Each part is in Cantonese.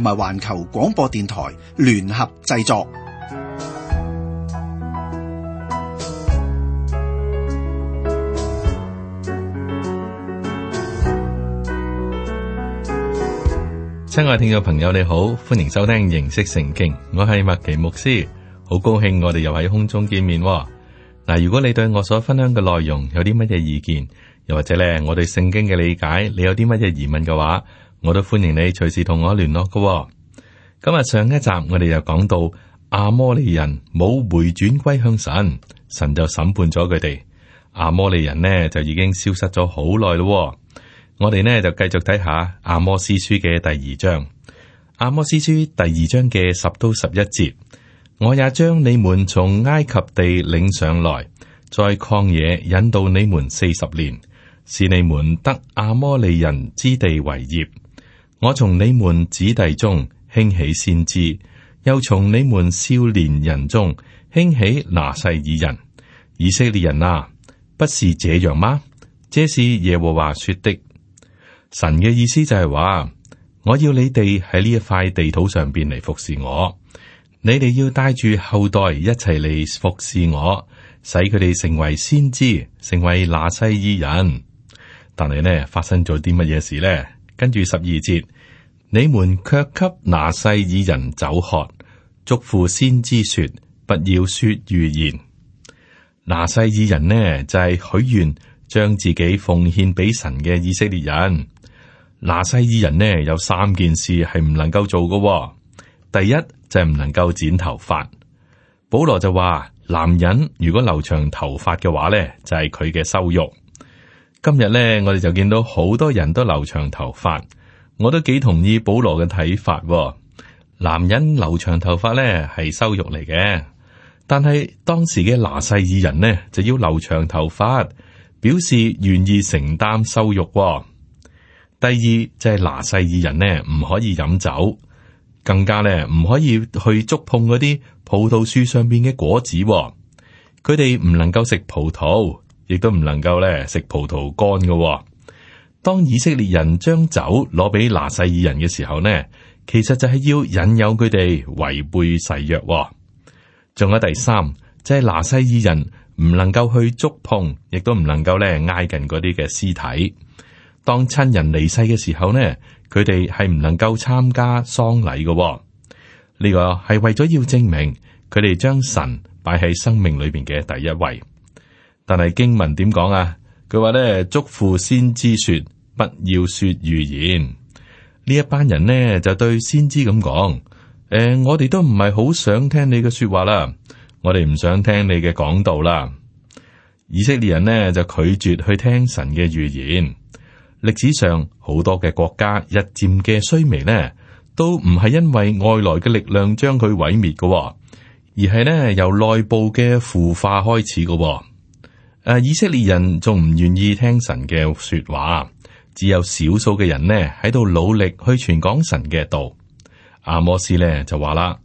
同埋環球廣播電台聯合製作。親愛嘅聽眾朋友，你好，歡迎收聽認識聖經。我係麥奇牧師，好高興我哋又喺空中見面。嗱，如果你對我所分享嘅內容有啲乜嘢意見，又或者咧我對聖經嘅理解，你有啲乜嘢疑問嘅話，我都歡迎你隨時同我聯絡噶喎。今日，上一集我哋又講到阿摩利人冇回轉歸向神，神就審判咗佢哋。阿摩利人呢就已經消失咗好耐咯。我哋呢就繼續睇下阿摩斯書第二章，《阿摩斯書》嘅第二章，《阿摩斯書》第二章嘅十到十一節。我也將你們從埃及地領上來，在曠野引導你們四十年，使你們得阿摩利人之地為業。我從你們子弟中興起先知，又從你們少年人中興起拿細耳人。以色列人啊，不是這樣嗎？這是耶和華說的。神嘅意思就係話，我要你哋喺呢一塊地土上邊嚟服侍我，你哋要帶住後代一齊嚟服侍我，使佢哋成為先知，成為拿細耳人。但係呢，發生咗啲乜嘢事呢？跟住十二節。你們卻給拿細耳人酒喝，囑咐先知說：不要說預言。拿細耳人呢就係許願將自己奉獻畀神嘅以色列人。拿細耳人呢有三件事係唔能夠做嘅。哦，第一就係、是、唔能夠剪頭髮。保羅就話：男人如果留長頭髮嘅話呢，就係佢嘅羞辱。今日呢，我哋就見到好多人都留長頭髮。我都幾同意保羅嘅睇法喎，男人留長頭髮咧係羞辱嚟嘅。但係當時嘅拿細耳人呢就要留長頭髮，表示願意承擔羞辱喎。第二就係、是、拿細耳人呢唔可以飲酒，更加咧唔可以去觸碰嗰啲葡萄樹上邊嘅果子喎。佢哋唔能夠食葡萄，亦都唔能夠咧食葡萄乾嘅喎。當以色列人將酒攞俾拿細耳人嘅時候呢，其實就係要引誘佢哋違背誓約。仲有第三，即係拿細耳人唔能夠去觸碰，亦都唔能夠咧挨近嗰啲嘅屍體。當親人離世嘅時候呢，佢哋係唔能夠參加喪禮嘅。呢個係為咗要證明佢哋將神擺喺生命裏邊嘅第一位。但係經文點講啊？佢話咧，囑咐先知說：不要說預言。呢一班人呢，就對先知咁講：誒、呃，我哋都唔係好想聽你嘅說話啦，我哋唔想聽你嘅講道啦。以色列人呢，就拒絕去聽神嘅預言。歷史上好多嘅國家日漸嘅衰微呢，都唔係因為外來嘅力量將佢毀滅噶、哦，而係呢，由內部嘅腐化開始噶、哦。啊、以色列人仲唔願意聽神嘅說話，只有少數嘅人呢喺度努力去傳講神嘅道。阿摩司呢就話啦：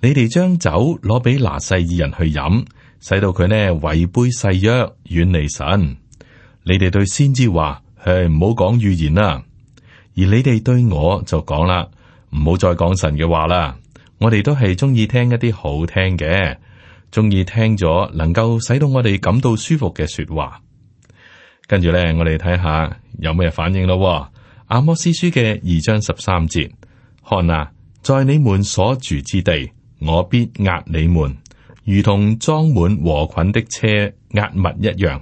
你哋將酒攞俾拿細爾人去飲，使到佢呢違背誓約，遠離神。你哋對先知話：誒，唔好講預言啦。而你哋對我就講啦，唔好再講神嘅話啦。我哋都係中意聽一啲好聽嘅。中意聽咗能夠使到我哋感到舒服嘅說話，跟住咧，我哋睇下有咩反應咯、哦。阿摩斯書嘅二章十三節，看啊，在你們所住之地，我必壓你們，如同裝滿禾捆的車壓物一樣。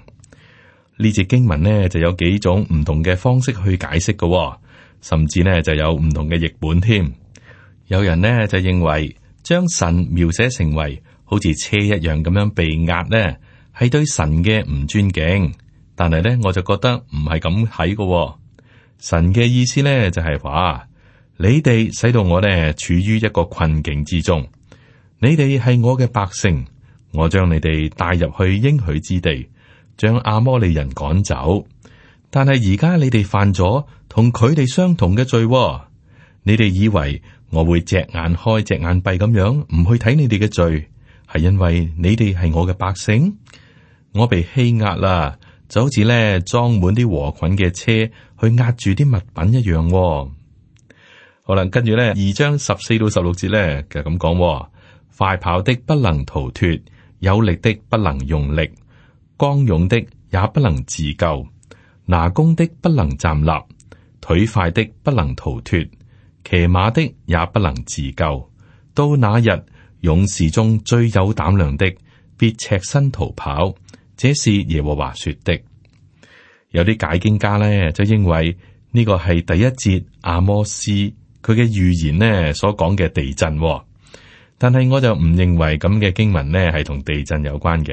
呢節經文呢，就有幾種唔同嘅方式去解釋嘅、哦，甚至呢，就有唔同嘅譯本添。有人呢，就認為將神描寫成為。好似車一樣咁樣被壓呢，係對神嘅唔尊敬。但係呢，我就覺得唔係咁睇嘅。神嘅意思呢，就係話，你哋使到我呢處於一個困境之中。你哋係我嘅百姓，我將你哋帶入去應許之地，將阿摩利人趕走。但係而家你哋犯咗同佢哋相同嘅罪喎。你哋以為我會隻眼開隻眼閉咁樣唔去睇你哋嘅罪？係因為你哋係我嘅百姓，我被欺壓啦，就好似呢裝滿啲禾捆嘅車去壓住啲物品一樣、哦。好啦，跟住呢，二章十四到十六節咧就咁講、哦，快跑的不能逃脫，有力的不能用力，剛勇的也不能自救，拿弓的不能站立，腿快的不能逃脫，騎馬的也不能自救，到那日。勇士中最有膽量的，必赤身逃跑。這是耶和華說的。有啲解經家呢，就認為呢個係第一節阿摩司佢嘅預言呢所講嘅地震、哦。但係我就唔認為咁嘅經文呢係同地震有關嘅。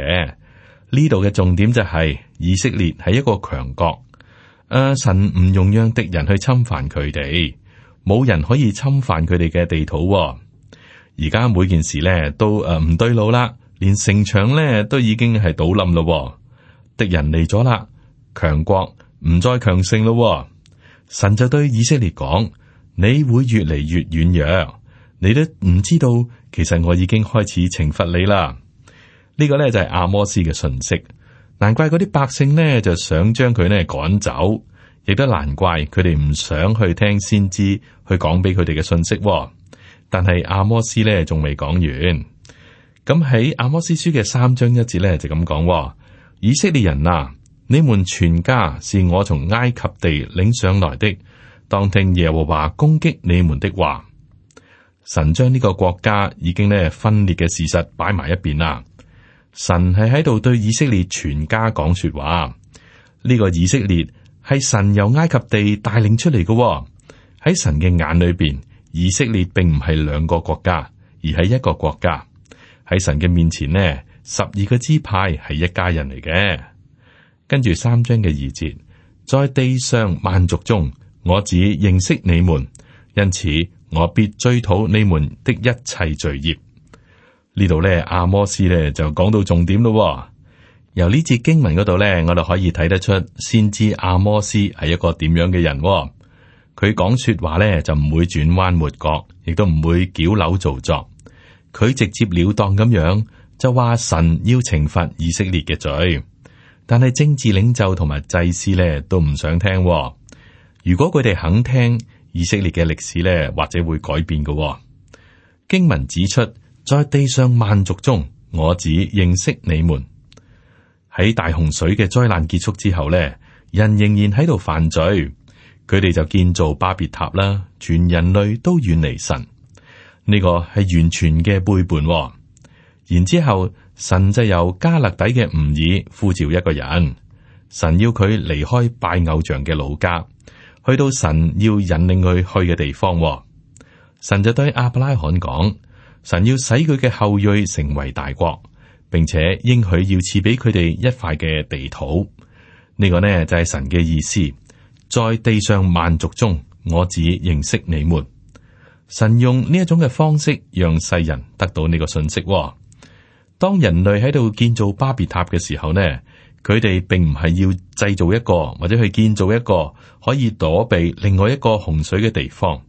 呢度嘅重點就係、是、以色列係一個強國。誒、呃，神唔用讓敵人去侵犯佢哋，冇人可以侵犯佢哋嘅地土、哦。而家每件事咧都誒唔對路啦，連城牆咧都已經係倒冧咯，敵人嚟咗啦，強國唔再強盛咯。神就對以色列講：你會越嚟越軟弱，你都唔知道，其實我已經開始懲罰你啦。呢個咧就係阿摩斯嘅信息，難怪嗰啲百姓咧就想將佢咧趕走，亦都難怪佢哋唔想去聽先知去講俾佢哋嘅信息。但係阿摩斯咧仲未講完，咁喺阿摩斯書嘅三章一節咧就咁講：以色列人啊，你們全家是我從埃及地領上來的，當聽耶和華攻擊你們的話。神將呢個國家已經咧分裂嘅事實擺埋一邊啦。神係喺度對以色列全家講說話，呢個以色列係神由埃及地帶領出嚟嘅喎，喺神嘅眼裏邊。以色列並唔係兩個國家，而係一個國家。喺神嘅面前呢，十二個支派係一家人嚟嘅。跟住三章嘅二節，在地上萬族中，我只認識你們，因此我必追討你們的一切罪孽。呢度呢，阿摩司呢就講到重點咯喎。由呢節經文嗰度呢，我哋可以睇得出，先知阿摩司係一個點樣嘅人喎。佢講說話呢，就唔會轉彎抹角，亦都唔會矯揉造作，佢直接了當咁樣就話神要懲罰以色列嘅罪，但係政治領袖同埋祭司呢，都唔想聽、哦。如果佢哋肯聽以色列嘅歷史呢，或者會改變嘅、哦。經文指出，在地上萬族中，我只認識你們。喺大洪水嘅災難結束之後呢，人仍然喺度犯罪。佢哋就建造巴別塔啦，全人類都遠離神，呢個係完全嘅背叛哦。然之後，神就由加勒底嘅吾爾呼召一個人，神要佢離開拜偶像嘅老家，去到神要引領佢去嘅地方、哦。神就對亞伯拉罕講：神要使佢嘅後裔成為大國，並且應許要賜俾佢哋一塊嘅地土。呢個呢就係神嘅意思。在地上萬族中，我只認識你們。神用呢一種嘅方式，讓世人得到呢個信息、哦。當人類喺度建造巴別塔嘅時候呢，佢哋並唔係要製造一個或者去建造一個可以躲避另外一個洪水嘅地方。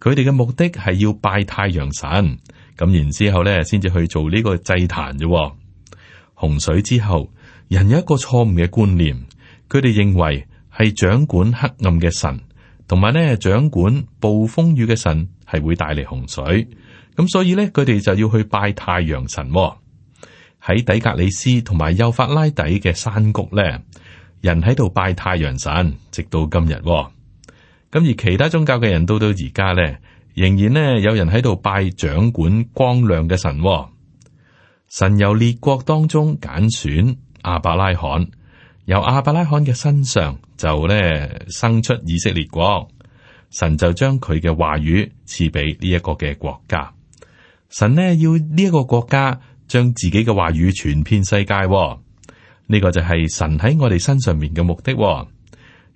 佢哋嘅目的係要拜太陽神，咁然之後咧，先至去做呢個祭壇啫。洪水之後，人有一個錯誤嘅觀念，佢哋認為。係掌管黑暗嘅神，同埋呢掌管暴風雨嘅神，係會帶嚟洪水。咁所以呢，佢哋就要去拜太陽神喺、哦、底格里斯同埋幼發拉底嘅山谷呢，人喺度拜太陽神，直到今日、哦。咁而其他宗教嘅人到到而家呢，仍然呢有人喺度拜掌管光亮嘅神、哦。神由列國當中揀選亞伯拉罕。由亞伯拉罕嘅身上就咧生出以色列國，神就將佢嘅話語賜俾呢一個嘅國家。神呢要呢一個國家將自己嘅話語傳遍世界。呢個就係神喺我哋身上面嘅目的。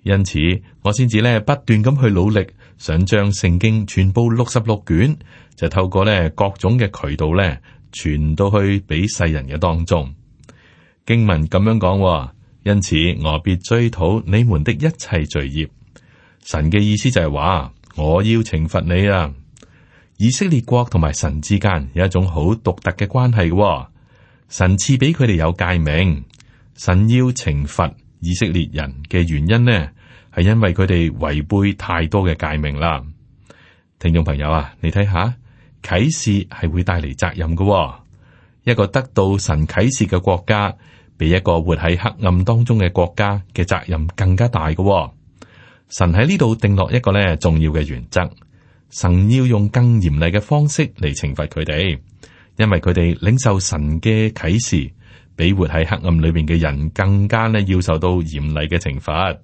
因此我先至咧不斷咁去努力，想將聖經全部六十六卷就透過咧各種嘅渠道咧傳到去俾世人嘅當中。經文咁樣講。因此，我必追討你們的一切罪孽。神嘅意思就係話，我要懲罰你啊！以色列國同埋神之間有一種好獨特嘅關係。神賜俾佢哋有誡命，神要懲罰以色列人嘅原因呢，係因為佢哋違背太多嘅誡命啦。聽眾朋友啊，你睇下啟示係會帶嚟責任嘅。一個得到神啟示嘅國家。比一個活喺黑暗當中嘅國家嘅責任更加大嘅。哦，神喺呢度定落一個咧重要嘅原則，神要用更嚴厲嘅方式嚟懲罰佢哋，因為佢哋領受神嘅啟示，比活喺黑暗裏面嘅人更加咧要受到嚴厲嘅懲罰。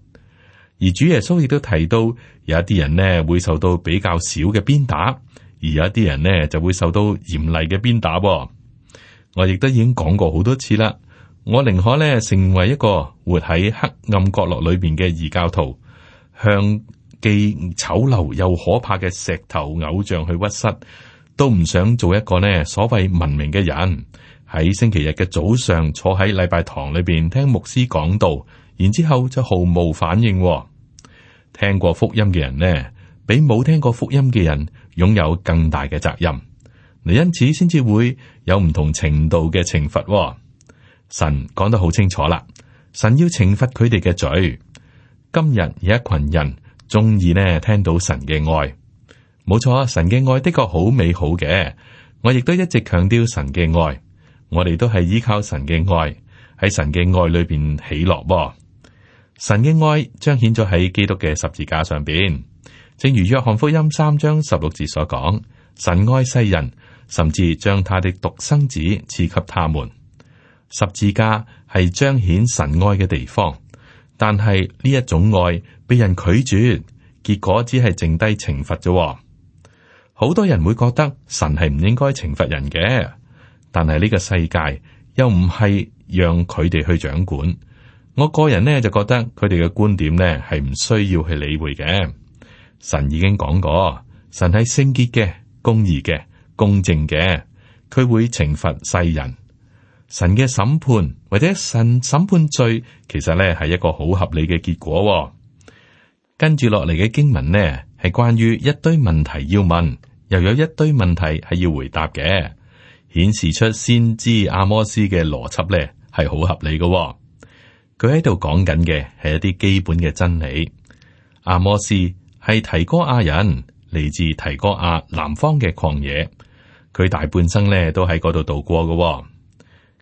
而主耶穌亦都提到，有一啲人呢會受到比較少嘅鞭打，而有一啲人呢就會受到嚴厲嘅鞭打。哦，我亦都已經講過好多次啦。我寧可咧成為一個活喺黑暗角落裏邊嘅異教徒，向既醜陋又可怕嘅石頭偶像去屈膝，都唔想做一個呢所謂文明嘅人，喺星期日嘅早上坐喺禮拜堂裏邊聽牧師講道，然之後就毫無反應哦。聽過福音嘅人呢，比冇聽過福音嘅人擁有更大嘅責任。你因此先至會有唔同程度嘅懲罰。神講得好清楚啦，神要懲罰佢哋嘅罪。今日有一群人中意咧聽到神嘅愛，冇錯，神嘅愛的確好美好嘅，我亦都一直強調神嘅愛，我哋都係依靠神嘅愛喺神嘅愛裏邊喜樂。神嘅愛彰顯咗喺基督嘅十字架上邊，正如約翰福音三章十六節所講：神愛世人，甚至將他的獨生子賜給他們。十字架係彰顯神愛嘅地方，但係呢一種愛俾人拒絕，結果只係剩低懲罰啫。好多人會覺得神係唔應該懲罰人嘅，但係呢個世界又唔係讓佢哋去掌管。我個人呢就覺得佢哋嘅觀點呢係唔需要去理會嘅。神已經講過，神係聖潔嘅、公義嘅、公正嘅，佢會懲罰世人。神嘅審判或者神審判罪，其實咧，係一個好合理嘅結果，哦。跟住落嚟嘅經文呢，係關於一堆問題要問，又有一堆問題係要回答嘅，顯示出先知阿摩斯嘅邏輯咧，係好合理嘅，哦。佢喺度講緊嘅係一啲基本嘅真理。阿摩斯係提哥亞人，嚟自提哥亞南方嘅曠野，佢大半生咧都喺嗰度度過嘅，哦。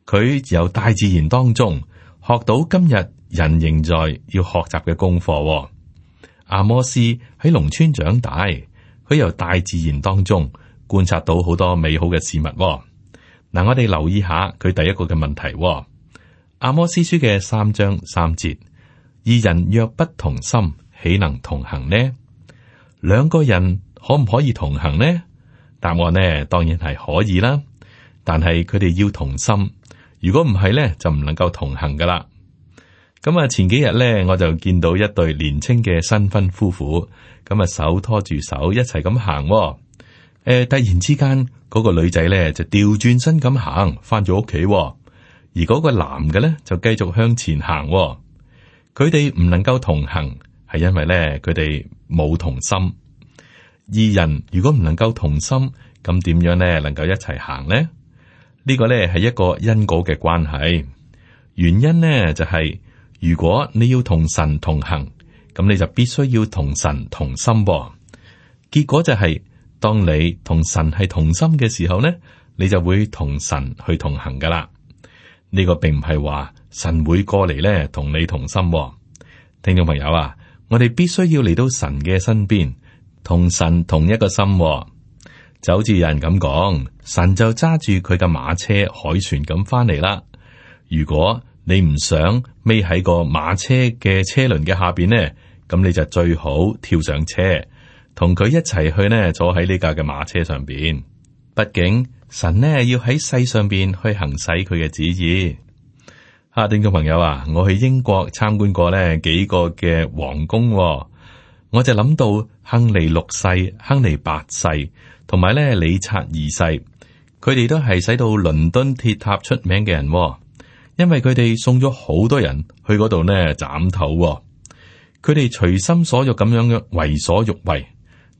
佢由大自然當中學到今日人仍在要學習嘅功課喎。阿摩斯喺農村長大，佢由大自然當中觀察到好多美好嘅事物喎。嗱，我哋留意下佢第一個嘅問題喎。阿摩斯書嘅三章三節，二人若不同心，豈能同行呢？兩個人可唔可以同行呢？答案呢，當然係可以啦，但係佢哋要同心。如果唔係咧，就唔能夠同行噶啦。咁啊，前幾日咧，我就見到一對年青嘅新婚夫婦，咁啊手拖住手一齊咁行。誒、呃，突然之間，嗰、那個女仔咧就調轉身咁行，翻咗屋企。而嗰個男嘅咧就繼續向前行，哦。佢哋唔能夠同行，係因為咧佢哋冇同心。二人如果唔能夠同心，咁點樣咧能夠一齊行咧？呢個呢係一個因果嘅關係，原因呢就係、是、如果你要同神同行，咁你就必須要同神同心喎。結果就係、是、當你同神係同心嘅時候呢，你就會同神去同行噶啦。呢、這個並唔係話神會過嚟呢同你同心。聽眾朋友啊，我哋必須要嚟到神嘅身邊，同神同一個心。就好似有人咁講，神就揸住佢嘅馬車海船咁翻嚟啦。如果你唔想匿喺個馬車嘅車輪嘅下邊呢，咁你就最好跳上車，同佢一齊去呢坐喺呢架嘅馬車上邊。畢竟神呢要喺世上邊去行使佢嘅旨意。哈、啊，聽眾朋友啊，我去英國參觀過呢幾個嘅皇宮、啊，我就諗到亨利六世、亨利八世。同埋咧，李察二世，佢哋都係使到倫敦鐵塔出名嘅人、哦，因為佢哋送咗好多人去嗰度咧斬頭、哦。佢哋隨心所欲咁樣嘅為所欲為，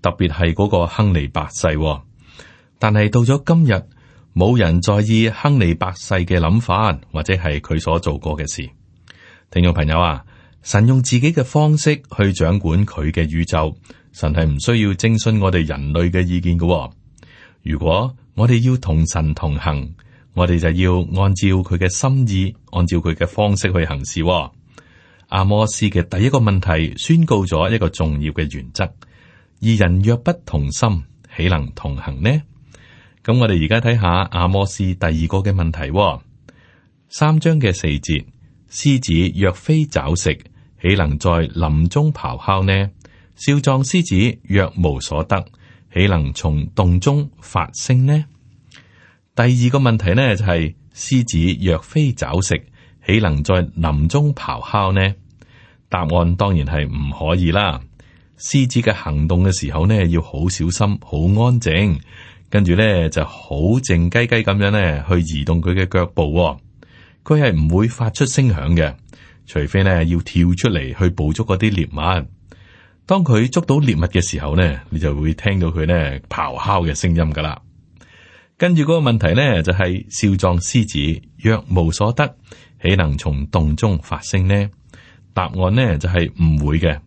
特別係嗰個亨利八世、哦。但係到咗今日，冇人在意亨利八世嘅諗法或者係佢所做過嘅事。聽眾朋友啊！神用自己嘅方式去掌管佢嘅宇宙，神係唔需要徵詢我哋人類嘅意見嘅、哦。如果我哋要同神同行，我哋就要按照佢嘅心意，按照佢嘅方式去行事、哦。阿摩斯嘅第一個問題宣告咗一個重要嘅原則，二人若不同心，豈能同行呢？咁我哋而家睇下阿摩斯第二個嘅問題、哦，三章嘅四節。獅子若非找食，豈能在林中咆哮呢？少壯獅子若無所得，豈能從洞中發聲呢？第二個問題呢就係、是，獅子若非找食，豈能在林中咆哮呢？答案當然係唔可以啦。獅子嘅行動嘅時候呢，要好小心、好安靜，跟住呢就好靜雞雞咁樣呢去移動佢嘅腳步。佢係唔會發出聲響嘅，除非咧要跳出嚟去捕捉嗰啲獵物。當佢捉到獵物嘅時候咧，你就會聽到佢咧咆哮嘅聲音噶啦。跟住嗰個問題咧就係：少壯獅子若無所得，豈能從洞中發聲呢？答案咧就係唔會嘅。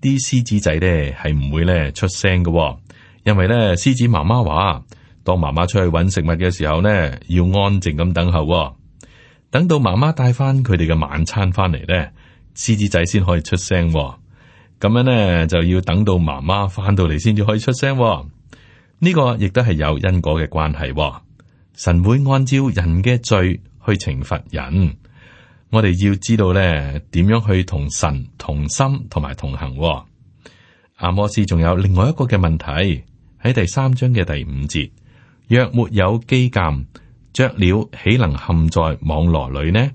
啲獅子仔咧係唔會咧出聲嘅，因為咧獅子媽媽話，當媽媽出去揾食物嘅時候咧，要安靜咁等候。等到媽媽帶翻佢哋嘅晚餐翻嚟咧，獅子仔先可以出聲喎。咁樣咧就要等到媽媽翻到嚟先至可以出聲喎。呢、這個亦都係有因果嘅關係喎。神會按照人嘅罪去懲罰人。我哋要知道咧點樣去同神同心同埋同行喎。阿摩司仲有另外一個嘅問題喺第三章嘅第五節，若沒有機檻，雀料豈能陷在網羅裏呢？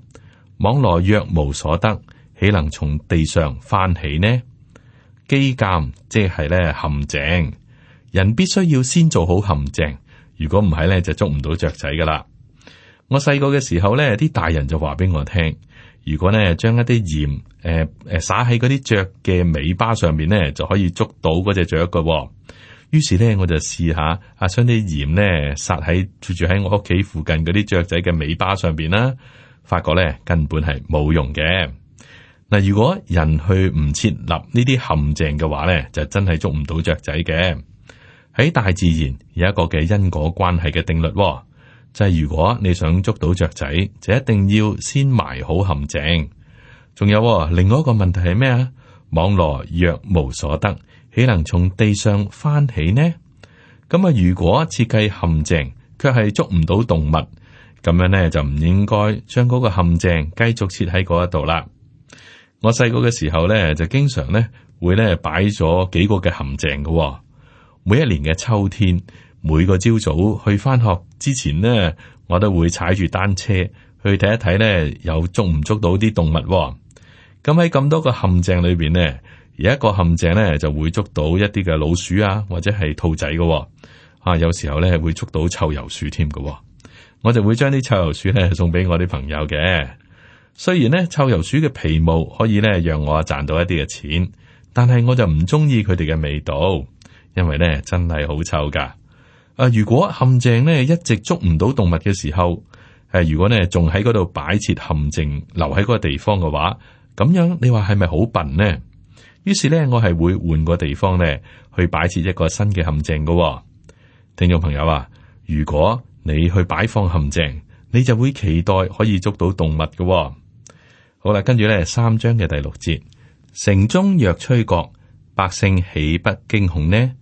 網羅若無所得，豈能從地上翻起呢？機檻即係咧陷阱，人必須要先做好陷阱，如果唔係咧就捉唔到雀仔噶啦。我細個嘅時候咧，啲大人就話俾我聽，如果咧將一啲鹽誒誒灑喺嗰啲雀嘅尾巴上面咧，就可以捉到嗰隻雀噶。於是咧，我就試下，啊，將啲鹽咧撒喺住住喺我屋企附近嗰啲雀仔嘅尾巴上邊啦，發覺咧根本係冇用嘅。嗱，如果人去唔設立呢啲陷阱嘅話咧，就真係捉唔到雀仔嘅。喺大自然有一個嘅因果關係嘅定律，哦，就係、是、如果你想捉到雀仔，就一定要先埋好陷阱。仲有、哦、另外一個問題係咩啊？網羅若無所得。豈能從地上翻起呢？咁啊，如果設計陷阱卻係捉唔到動物，咁樣咧就唔應該將嗰個陷阱繼續設喺嗰一度啦。我細個嘅時候咧，就經常咧會咧擺咗幾個嘅陷阱嘅喎。每一年嘅秋天，每個朝早上去翻學之前咧，我都會踩住單車去睇一睇咧，有捉唔捉到啲動物喎。咁喺咁多個陷阱裏邊咧。而一個陷阱咧，就會捉到一啲嘅老鼠啊，或者係兔仔嘅、哦、啊，有時候咧會捉到臭油鼠添嘅、哦。我就會將啲臭油鼠咧送俾我啲朋友嘅。雖然咧臭油鼠嘅皮毛可以咧讓我賺到一啲嘅錢，但係我就唔中意佢哋嘅味道，因為咧真係好臭噶。啊，如果陷阱咧一直捉唔到動物嘅時候，誒、啊，如果咧仲喺嗰度擺設陷阱，留喺嗰個地方嘅話，咁樣你話係咪好笨咧？於是呢，我係會換個地方呢，去擺設一個新嘅陷阱㗎喎。聽眾朋友啊，如果你去擺放陷阱，你就會期待可以捉到動物㗎喎。好啦，跟住呢，三章嘅第六節，城中若吹角，百姓豈不驚恐呢？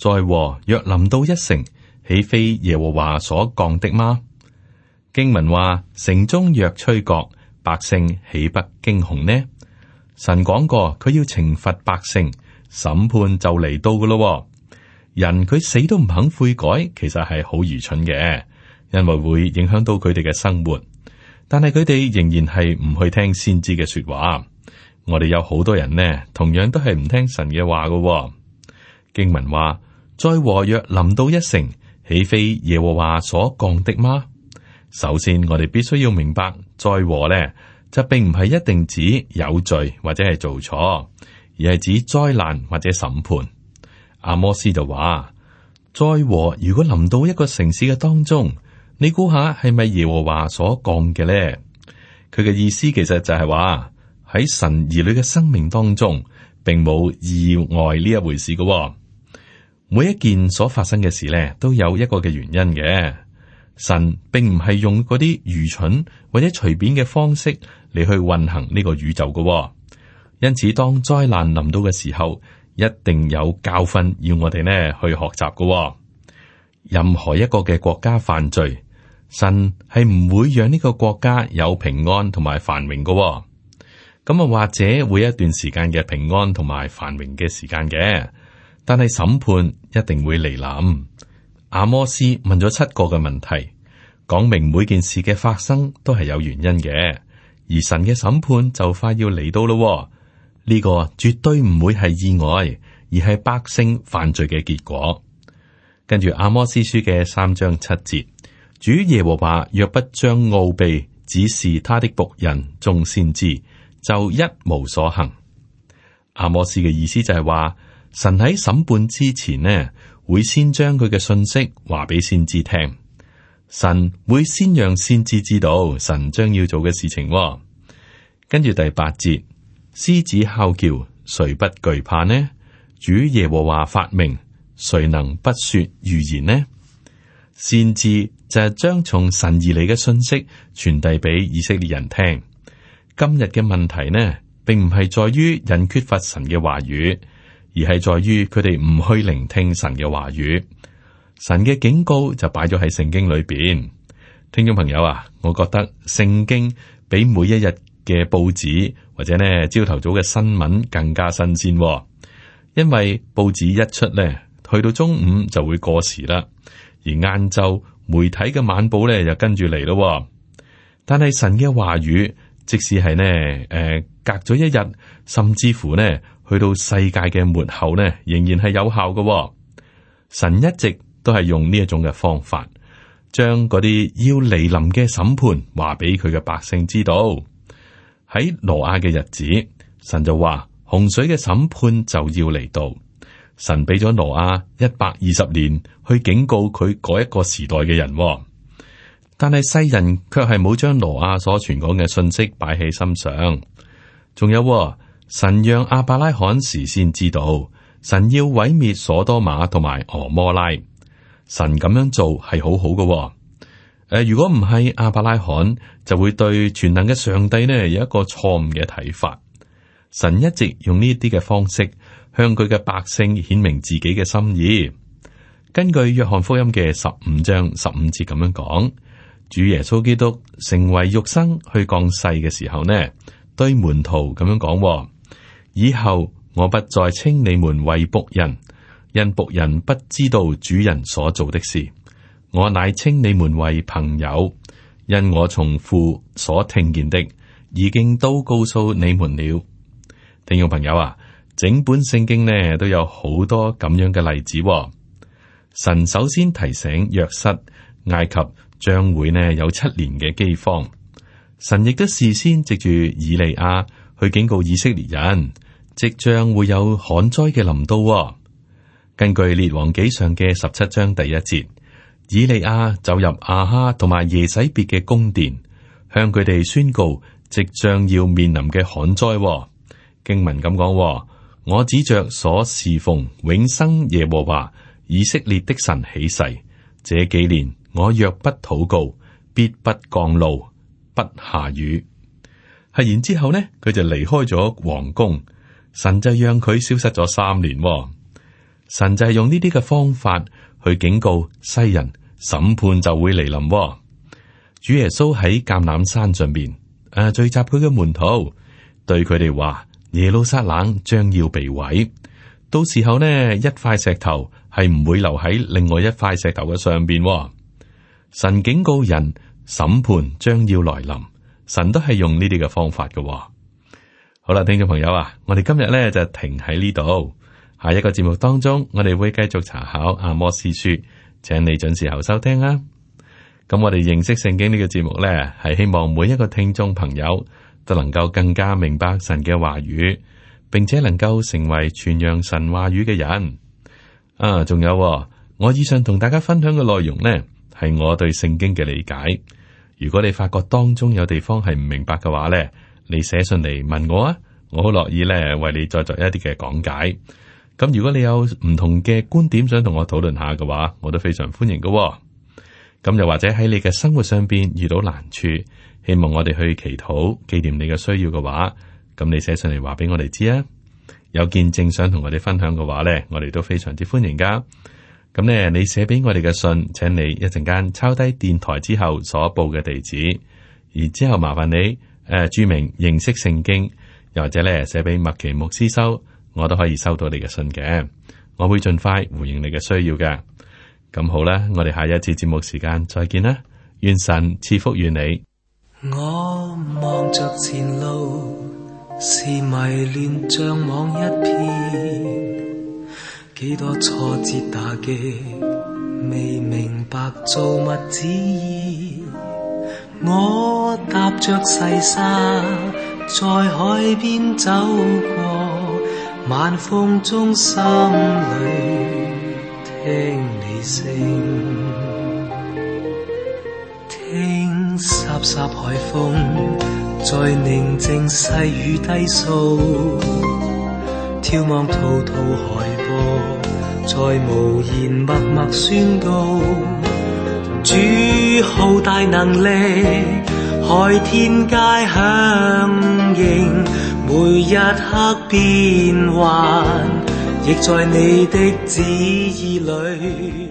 災禍若臨到一城，豈非耶和華所降的嗎？經文話：城中若吹角，百姓豈不驚恐呢？神講過佢要懲罰百姓，審判就嚟到噶咯。人佢死都唔肯悔改，其實係好愚蠢嘅，因為會影響到佢哋嘅生活。但係佢哋仍然係唔去聽先知嘅說話。我哋有好多人呢，同樣都係唔聽神嘅話噶。經文話：災禍若臨到一城，豈非耶和華所降的嗎？首先，我哋必須要明白災禍呢，就並唔係一定指有罪或者係做錯，而係指災難或者審判。阿摩司就話：災禍如果臨到一個城市嘅當中，你估下係咪耶和華所降嘅咧？佢嘅意思其實就係話喺神兒女嘅生命當中，並冇意外呢一回事嘅，哦。每一件所發生嘅事咧，都有一個嘅原因嘅。神並唔係用嗰啲愚蠢或者隨便嘅方式。你去運行呢個宇宙噶哦，因此當災難臨到嘅時候，一定有教訓要我哋呢去學習噶哦。任何一個嘅國家犯罪，神係唔會讓呢個國家有平安同埋繁榮噶哦。咁啊，或者會有一段時間嘅平安同埋繁榮嘅時間嘅，但係審判一定會嚟臨。阿摩司問咗七個嘅問題，講明每件事嘅發生都係有原因嘅。而神嘅審判就快要嚟到咯，呢個絕對唔會係意外，而係百姓犯罪嘅結果。跟住阿摩斯書嘅三章七節，主耶和華若不將奧秘指示他的僕人眾先知，就一無所行。阿摩斯嘅意思就係話，神喺審判之前呢，會先將佢嘅信息話俾先知聽。神會先讓先知知道神將要做嘅事情、哦，跟住第八節，獅子哮叫，誰不懼怕呢？主耶和華發命，誰能不說預言呢？先知就將從神而嚟嘅信息傳遞俾以色列人聽。今日嘅問題呢，並唔係在於人缺乏神嘅話語，而係在於佢哋唔去聆聽神嘅話語。神嘅警告就擺咗喺聖經裏邊，聽眾朋友啊，我覺得聖經比每一日嘅報紙或者呢朝頭早嘅新聞更加新鮮、哦。因為報紙一出呢，去到中午就會過時啦，而晏晝媒體嘅晚報呢就跟住嚟咯。但係神嘅話語，即使係呢誒、呃，隔咗一日，甚至乎呢去到世界嘅末後呢，仍然係有效嘅、哦。神一直。都係用呢一種嘅方法，將嗰啲要來臨嘅審判話俾佢嘅百姓知道。喺羅亞嘅日子，神就話洪水嘅審判就要嚟到。神俾咗羅亞一百二十年去警告佢嗰一個時代嘅人、哦，但係世人卻係冇將羅亞所傳講嘅信息擺喺心上。仲有、哦、神讓阿伯拉罕事先知道，神要毀滅所多瑪同埋俄摩拉。神咁樣做係好好嘅，誒、呃，如果唔係阿伯拉罕就會對全能嘅上帝呢有一個錯誤嘅睇法。神一直用呢啲嘅方式向佢嘅百姓顯明自己嘅心意。根據約翰福音嘅十五章十五節咁樣講，主耶穌基督成為肉身去降世嘅時候呢，對門徒咁樣講：以後我不再稱你們為僕人。因僕人不知道主人所做的事，我乃稱你們為朋友。因我從父所聽見的，已經都告訴你們了。聽眾朋友啊，整本聖經呢都有好多咁樣嘅例子、哦。神首先提醒約瑟埃及將會呢有七年嘅饑荒，神亦都事先藉住以利亞去警告以色列人，即將會有旱災嘅臨到、哦。根據《列王記》上嘅十七章第一節，以利亞走入亞哈同埋耶洗別嘅宮殿，向佢哋宣告即將要面臨嘅旱災。經文咁講：我指着所侍奉永生耶和華以色列的神起誓，這幾年我若不禱告，必不降露，不下雨。係然之後呢，佢就離開咗皇宮，神就讓佢消失咗三年。神就係用呢啲嘅方法去警告世人，審判就會來臨，哦。主耶穌喺橄欖山上邊，誒、啊，聚集佢嘅門徒，對佢哋話，耶路撒冷將要被毀，到時候呢，一塊石頭係唔會留喺另外一塊石頭嘅上邊，哦。神警告人，審判將要來臨。神都係用呢啲嘅方法嘅，哦。好啦，聽眾朋友啊，我哋今日咧就停喺呢度。下一個節目當中，我哋會繼續查考阿摩司書，請你準時候收聽啊！咁我哋認識聖經呢、這個節目呢，係希望每一個聽眾朋友都能夠更加明白神嘅話語，並且能夠成為傳揚神話語嘅人。啊，仲有、啊、我以上同大家分享嘅內容呢，係我對聖經嘅理解。如果你發覺當中有地方係唔明白嘅話呢，你寫信嚟問我啊，我好樂意咧為你再作一啲嘅講解。咁如果你有唔同嘅觀點想同我討論下嘅話，我都非常歡迎嘅喎。咁又或者喺你嘅生活上邊遇到難處，希望我哋去祈禱紀念你嘅需要嘅話，咁你寫上嚟話俾我哋知啊。有見證想同我哋分享嘅話咧，我哋都非常之歡迎噶。咁咧，你寫俾我哋嘅信，請你一陣間抄低電台之後所報嘅地址，然之後麻煩你誒，注明認識聖經，又或者咧寫俾麥奇牧師收。我都可以收到你嘅信嘅，我會盡快回應你嘅需要嘅。咁好啦，我哋下一次節目時間再見啦，願神賜福與你。我望着前路是迷亂像網一片，幾多挫折打擊，未明白造物旨意。我踏着細沙在海邊走過。晚風中，心裏聽你聲，聽颯颯海風在寧靜細雨低訴，眺望滔滔海波在無言默默宣告，主浩大能力，海天皆響應。每一刻變幻，亦在你的旨意裏。